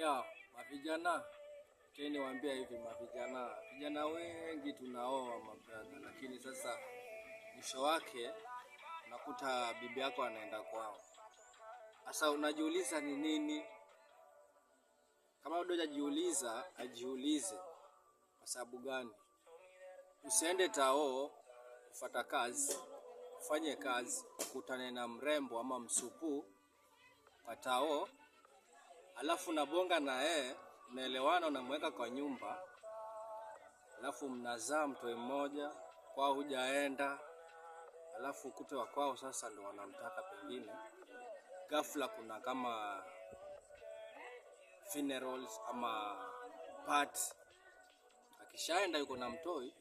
Ya, mavijana teni waambia hivi mavijana, vijana wengi tunaoa mabradha, lakini sasa mwisho wake unakuta bibi yako anaenda kwao. Sasa unajiuliza ni nini? Kama bado hajajiuliza, ajiulize kwa sababu gani. Usiende tao ufata kazi, ufanye kazi, ukutane na mrembo ama msupuu kwa tao alafu nabonga na yeye naelewana, unamweka kwa nyumba, alafu mnazaa mtoe mmoja, kwao hujaenda, alafu ukute wa kwao sasa ndo wanamtaka pengine, ghafla kuna kama funerals ama part, Akishaenda yuko na mtoi,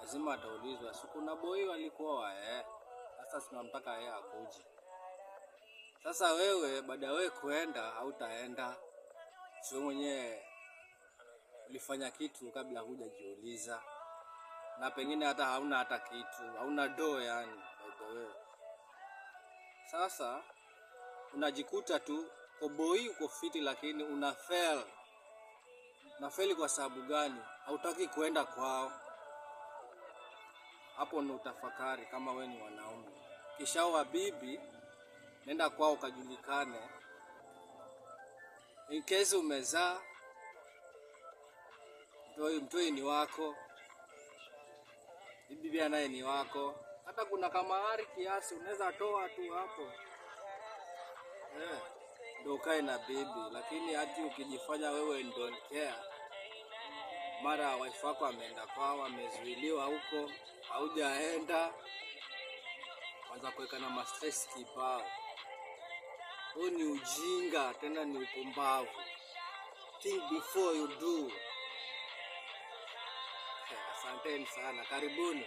lazima ataulizwa, siku na boi walikuwa eh, sasa tunamtaka yeye akuje. Sasa wewe baada ya wewe kuenda, hautaenda sio mwenyewe ulifanya kitu kabla hujajiuliza, na pengine hata hauna hata kitu, hauna doo yani wewe. Sasa unajikuta tu koboi, uko fiti, lakini una fail. Na fail kwa sababu gani? Hautaki kuenda kwao. Hapo ni utafakari kama wewe ni wanaume, kisha wa bibi nenda kwao ukajulikane. In case umezaa mtoi, mtoi ni wako, bibi naye ni wako. Hata kuna kamahari kiasi unaweza toa tu hapo yeah, ndio ukae na bibi, lakini hati ukijifanya wewe don't care, mara wife wako ameenda kwao, amezuiliwa huko, haujaenda kwanza kuweka na mastress kibao huu ni ujinga tena ni upumbavu. Think before you do. Asanteni sana, karibuni.